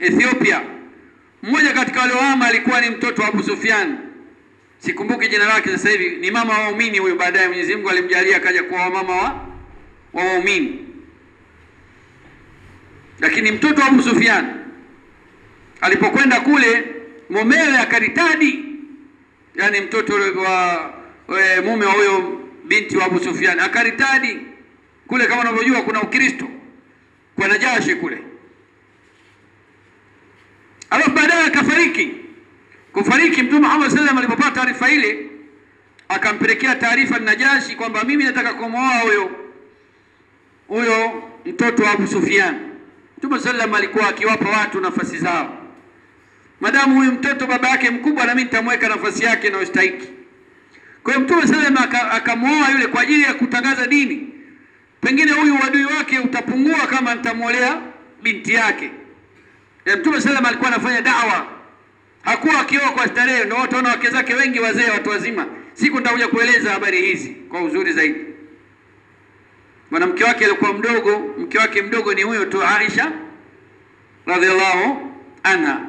Ethiopia. Mmoja katika wale alikuwa ni mtoto wa Abu Sufyan, sikumbuki jina lake sasa hivi. Ni mama wa waumini huyo, baadaye Mwenyezi Mungu alimjalia akaja kuwa mama wa wa waumini, lakini mtoto wa Abu Sufyan alipokwenda kule, mumewe akaritadi, yani mtoto wa we, mume wa huyo binti wa Abu Sufyan akaritadi kule. Kama unavyojua kuna Ukristo kwa Najashi kule alafu baadaye akafariki. Kufariki Mtume Muhammad sallallahu alaihi wasallam alipopata taarifa ile, akampelekea taarifa Najashi kwamba mimi nataka kumwoa huyo huyo mtoto wa Abu Sufyan. Mtume sallam alikuwa akiwapa watu nafasi zao, madamu huyu mtoto baba yake mkubwa, na mimi nitamweka nafasi yake ustahiki. Kwa hiyo Mtume sallam akamwoa yule kwa ajili ya kutangaza dini, pengine huyu uadui wake utapungua kama nitamwolea binti yake. Mtume sallam alikuwa anafanya dawa, hakuwa akioa kwa starehe. Ndio watu wake zake wengi wazee, watu wazima. Siku nitakuja kueleza habari hizi kwa uzuri zaidi. Mwanamke wake alikuwa mdogo, mke wake mdogo ni huyo tu Aisha radhiallahu anha.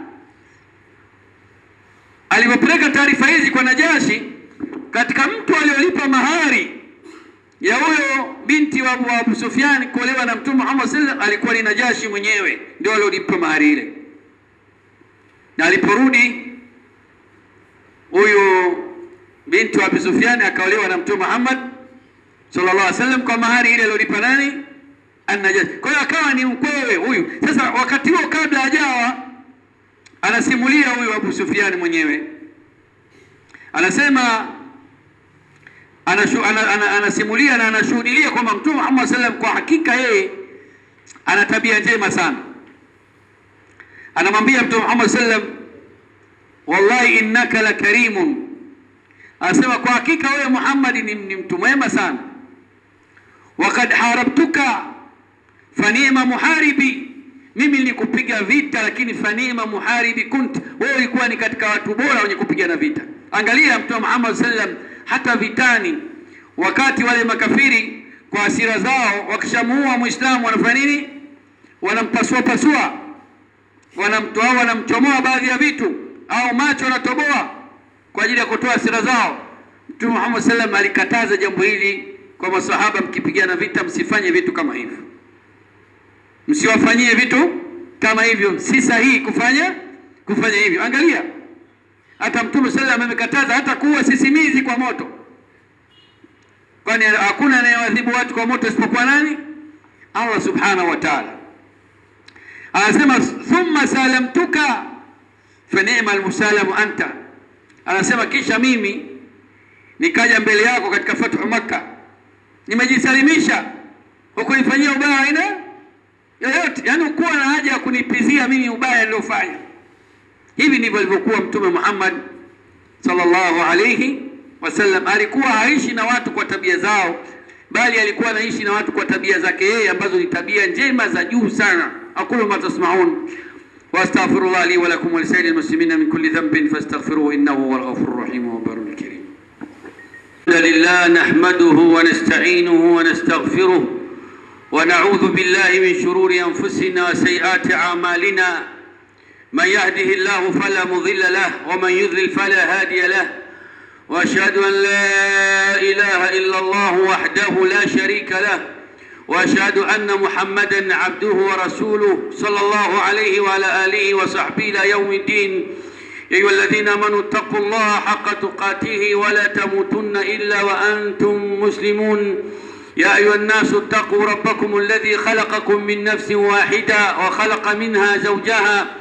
Alipopeleka taarifa hizi kwa Najashi, katika mtu aliyolipa mahari ya huyo binti wa Abu Sufyan kuolewa na Mtume Muhammad sallallahu alaihi wasallam alikuwa ni Najashi mwenyewe, ndio alodipa mahari ile, na aliporudi huyu binti wa Abu Sufyan akaolewa na Mtume Muhammad sallallahu alaihi wasallam kwa mahari ile aliolipa nani? An-Najashi. Kwa hiyo akawa ni mkwewe huyu. Sasa wakati huo kabla hajawa, anasimulia huyu Abu Sufyan mwenyewe anasema anasimulia na anashuhudilia kwamba Mtume Muhammad sallam kwa hakika yeye ana tabia njema sana. Anamwambia Mtume Muhammad sallam, wallahi innaka la karimun, anasema kwa hakika wewe Muhammad ni, ni mtu mwema sana. Wakad harabtuka fanima muharibi, mimi nilikupiga vita, lakini fanima muharibi kunt, wewe ulikuwa ni katika watu bora wenye kupigana vita. Angalia Mtume Muhammad sallam hata vitani. Wakati wale makafiri kwa hasira zao wakishamuua Muislamu wanafanya nini? Wanampasua pasua, wanamtoa, wanamchomoa baadhi ya vitu au macho wanatoboa kwa ajili ya kutoa hasira zao. Mtume Muhammad sallallahu alaihi wasallam alikataza jambo hili kwa masahaba, mkipigana vita msifanye vitu kama hivyo, msiwafanyie vitu kama hivyo, si sahihi kufanya kufanya hivyo. Angalia. Hata Mtume wasallam amekataza hata kuwa sisimizi kwa moto, kwani hakuna anayewadhibu watu kwa moto isipokuwa nani? Allah subhanahu wa ta'ala anasema thumma salamtuka fa ni'ma almusalamu anta, anasema kisha mimi nikaja mbele yako katika fathu Makka, nimejisalimisha hukunifanyia ubaya aina yoyote, yaani ukuwa na haja ya kunipizia mimi ubaya niliofanya Hivi ndivyo alivyokuwa Mtume Muhammad sallallahu alayhi wasallam. Alikuwa haishi na watu kwa tabia zao, bali alikuwa anaishi na watu kwa tabia zake yeye, ambazo ni tabia njema za juu sana. aqulu ma tasmaun wa li wa lakum wa lisairil muslimina min kulli dhanbin fastaghfiruhu innahu huwal ghafurur rahim wa barul karim. Alhamdulillah nahmaduhu wa nasta'inuhu wa nastaghfiruh wa na'udhu billahi min shururi anfusina wa sayyiati a'malina من يهده الله فلا مضل له ومن يضلل فلا هادي له واشهد ان لا اله الا الله وحده لا شريك له واشهد ان محمدا عبده ورسوله صلى الله عليه وعلى اله وصحبه الى يوم الدين يا ايها الذين امنوا اتقوا الله حق تقاته ولا تموتن الا وانتم مسلمون يا أيها الناس اتقوا ربكم الذي خلقكم من نفس واحدة وخلق منها زوجها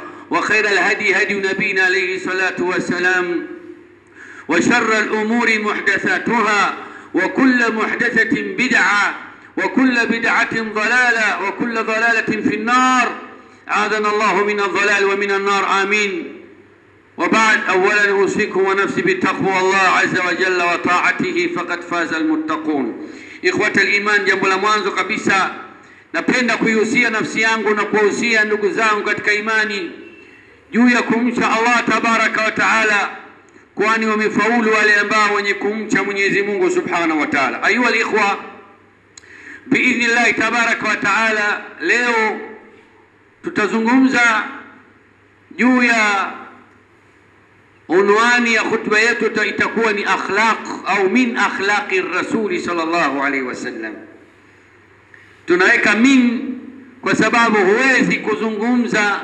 وخير الهدي هدي نبينا عليه الصلاة والسلام وشر الأمور محدثاتها وكل محدثة بدعة وكل بدعة ضلالة وكل ضلالة في النار عاذنا الله من الضلال ومن النار آمين وبعد أولا أوصيكم ونفسي بتقوى الله عز وجل وطاعته فقد فاز المتقون إخوة الإيمان jambo la mwanzo napenda kuihusia nafsi yangu na kuwahusia ndugu zangu katika imani juu ya kumcha Allah tabaraka wa taala, kwani wamefaulu wale ambao wenye kumcha Mwenyezi Mungu subhanahu wa taala. Ayuha alikhwa, biidhnillahi tabaraka wa taala, leo tutazungumza juu ya unwani ya khutba yetu itakuwa ni akhlaq au min akhlaqi rasuli sallallahu alaihi wasallam. Tunaweka min kwa sababu huwezi kuzungumza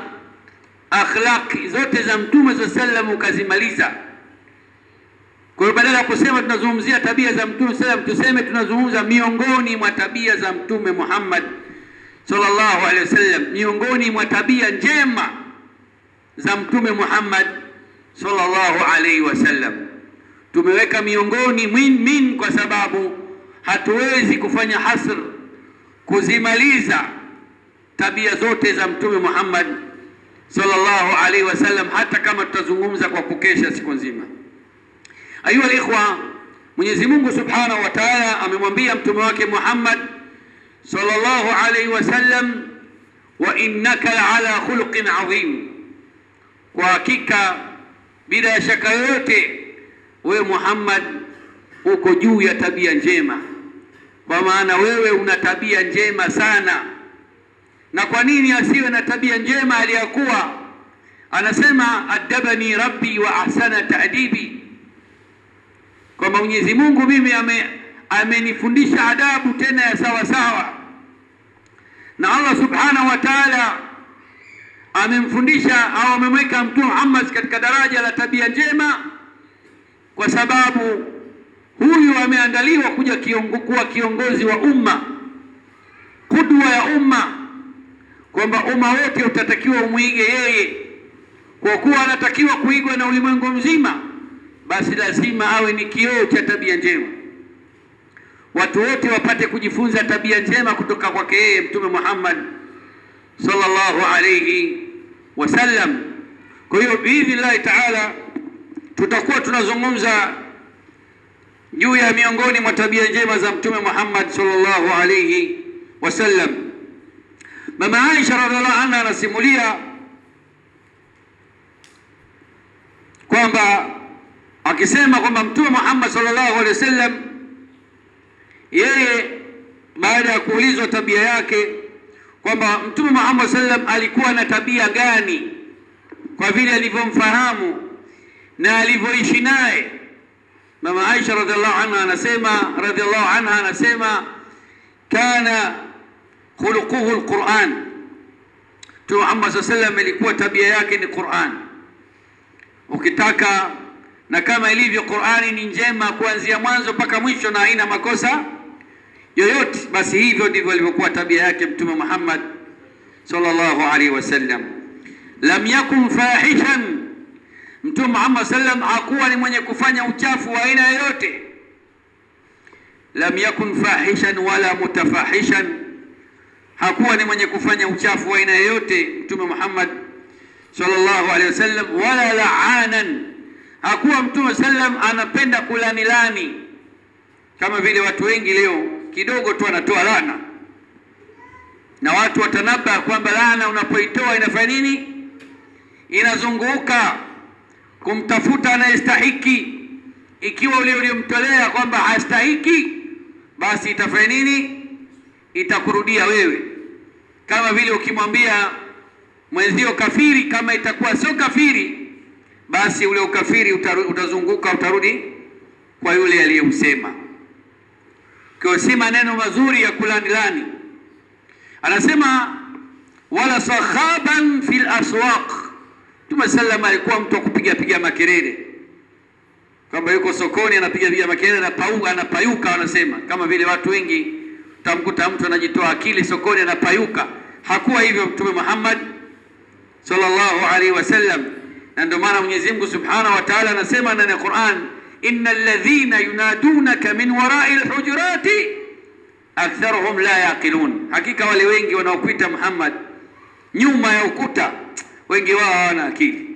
akhlaqi zote za Mtume sallallahu sallam ukazimaliza. Kwa hiyo badala ya kusema tunazungumzia tabia za Mtume sallallahu tuseme tunazungumza miongoni mwa tabia za Mtume Muhammad sallallahu alaihi wasallam, miongoni mwa tabia njema za Mtume Muhammad sallallahu alaihi wasallam. Tumeweka miongoni min min kwa sababu hatuwezi kufanya hasr kuzimaliza tabia zote za Mtume Muhammad sallallahu alaihi wasallam, hata kama tutazungumza kwa kukesha siku nzima. Ayuha alikhwa, Mwenyezi Mungu subhanahu wa taala amemwambia mtume wake Muhammad sallallahu alaihi wasallam, wa innaka ala khuluqin adhim, kwa hakika bila ya shaka yoyote wewe Muhammad uko juu ya tabia njema, kwa maana wewe una tabia njema sana. Na kwa nini asiwe na tabia njema aliyakuwa? Anasema adabani rabbi wa ahsana taadibi, kwamba Mwenyezi Mungu mimi amenifundisha ame adabu tena ya sawa sawa, na Allah subhanahu wa taala amemfundisha au amemweka Mtume Muhammad katika daraja la tabia njema, kwa sababu huyu ameandaliwa kuja kuwa kiongozi wa umma, kudwa ya umma kwamba umma wote utatakiwa umwige yeye, kwa kuwa anatakiwa kuigwa na ulimwengu mzima, basi lazima awe ni kioo cha tabia njema, watu wote wapate kujifunza tabia njema kutoka kwake yeye Mtume Muhammad sallallahu alayhi wasallam. Kwa hiyo biidhnillahi taala tutakuwa tunazungumza juu ya miongoni mwa tabia njema za Mtume Muhammad sallallahu alayhi wasallam. Mama Aisha radhiallahu anha anasimulia kwamba akisema kwamba Mtume Muhammad sallallahu alaihi wasallam yeye baada ya kuulizwa tabia yake kwamba Mtume Muhammad sallallahu alaihi wasallam alikuwa na tabia gani, kwa vile alivyomfahamu na alivyoishi naye, Mama Aisha radhiallahu anha anasema radhiallahu anha anasema kana khuluquhu alquran. Mtume Muhammad sallallahu ilikuwa tabia yake ni Qur'an. Ukitaka na kama ilivyo Qur'ani ni njema kuanzia mwanzo mpaka mwisho na haina makosa yoyote, basi hivyo ndivyo alivyokuwa tabia yake Mtume Muhammad sallallahu alaihi wasallam. Lam yakun fahishan, Mtume Muhammad sallam hakuwa ni mwenye kufanya uchafu wa aina yoyote. Lam yakun fahishan wala mutafahishan hakuwa ni mwenye kufanya uchafu wa aina yoyote Mtume Muhammad sallallahu alaihi wasallam, wala laanan, hakuwa Mtume sallam anapenda kulanilani kama vile watu wengi leo, kidogo tu anatoa lana na watu watanaba kwamba lana unapoitoa inafanya nini? Inazunguka kumtafuta anayestahiki. Ikiwa ule uliomtolea kwamba hastahiki, basi itafanya nini? itakurudia wewe, kama vile ukimwambia mwenzio kafiri, kama itakuwa sio kafiri, basi ule ukafiri utazunguka, utarudi kwa yule aliyeusema. Si maneno mazuri ya kulanilani. Anasema wala sahaban fil aswaq. Mtume sallam alikuwa mtu wa kupiga piga makelele, kwamba yuko sokoni anapiga piga makelele, anapauka, anapayuka, wanasema kama vile watu wengi utamkuta mtu anajitoa akili sokoni anapayuka. Hakuwa hivyo Mtume Muhammad sallallahu alaihi wasallam, na ndio maana Mwenyezi Mungu Subhanahu wa Ta'ala anasema ndani ya Qur'an, innal ladhina yunadunaka min warai lhujurati aktharuhum la yaqilun, hakika wale wengi wanaokuita Muhammad nyuma ya ukuta wengi wao hawana akili.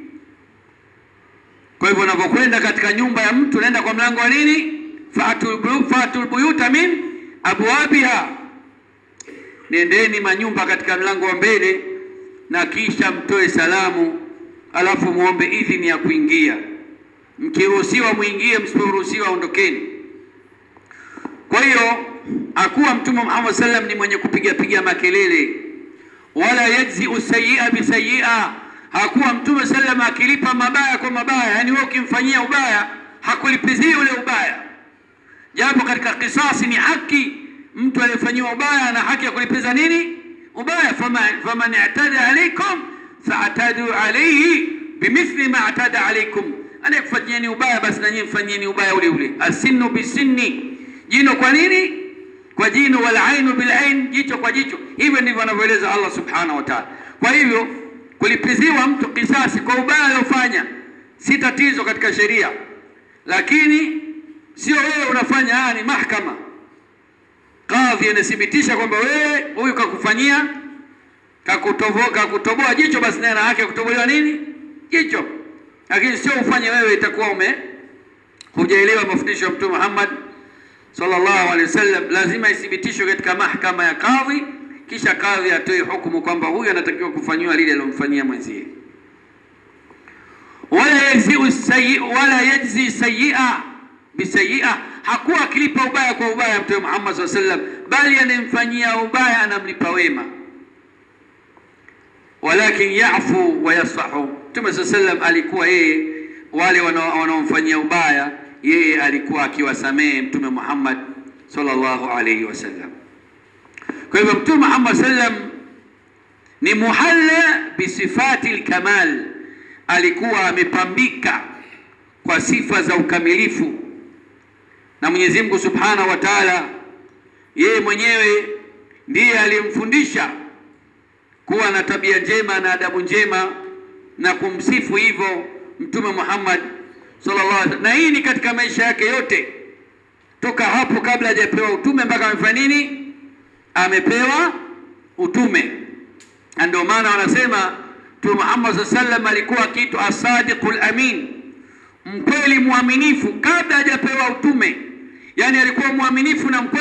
Kwa hivyo unapokwenda katika nyumba ya mtu unaenda kwa mlango wa nini? fatul buyuta min abwabiha, nendeni manyumba katika mlango wa mbele na kisha mtoe salamu, alafu muombe idhini ya kuingia. Mkiruhusiwa muingie, msiporuhusiwa ondokeni. Kwa hiyo akuwa Mtume Muhammad sallam ni mwenye kupiga piga makelele, wala yajzi sayyi'a bi sayyi'a. Hakuwa Mtume sallam akilipa mabaya kwa mabaya, yani wewe ukimfanyia ubaya hakulipizii ule ubaya Japo katika kisasi ni haki, mtu aliyefanyiwa ubaya ana haki ya kulipiza nini ubaya. Faman i'tada alaykum fa'tadu alayhi bimithli ma i'tada alaykum, anayekufanyieni ubaya basi na nyinyi mfanyieni ubaya ule ule. Asinu bisinni, jino kwa nini kwa jino, wal ainu bil ain, jicho kwa jicho. Hivyo ndivyo anavyoeleza Allah subhanahu wa ta'ala. Kwa hivyo kulipiziwa mtu kisasi kwa ubaya aliofanya si tatizo katika sheria, lakini sio wewe unafanya. Haya ah, ni mahakama, kadhi inathibitisha kwamba wewe huyu kakufanyia, kakutoboa, kutoboa jicho, basi naye ana haki ya kutobolewa nini jicho, lakini sio ufanye wewe. Itakuwa ume hujaelewa mafundisho ya Mtume Muhammad sallallahu alaihi wasallam. Lazima ithibitishwe katika mahakama ya kadhi, kisha kadhi atoe hukumu kwamba huyu anatakiwa kufanyiwa lile alomfanyia mwenzie. Wala yajzi sayia bisayia, hakuwa akilipa ubaya kwa ubaya Mtume Muhammad saw sallam, bali anayemfanyia ubaya anamlipa wema. Walakin yafu wa yasahu, Mtume saw sallam alikuwa yeye, wale wanaomfanyia ubaya yeye alikuwa akiwasamehe Mtume Muhammad sallallahu alayhi wasallam. Kwa hivyo Mtume Muhammad sallam ni muhalla bisifati lkamal, alikuwa amepambika kwa sifa za ukamilifu na Mwenyezi Mungu Subhanahu wa Ta'ala, yeye mwenyewe ndiye aliyemfundisha kuwa na tabia njema na adabu njema na kumsifu hivyo Mtume Muhammad sallallahu alaihi wasallam, na hii ni katika maisha yake yote toka hapo kabla hajapewa utume mpaka amefanya nini? Amepewa utume. Na ndio maana wanasema Mtume Muhammad sallallahu alaihi wasallam alikuwa kitu asadiqul amin, mkweli mwaminifu kabla hajapewa utume yani alikuwa mwaminifu na mkweli.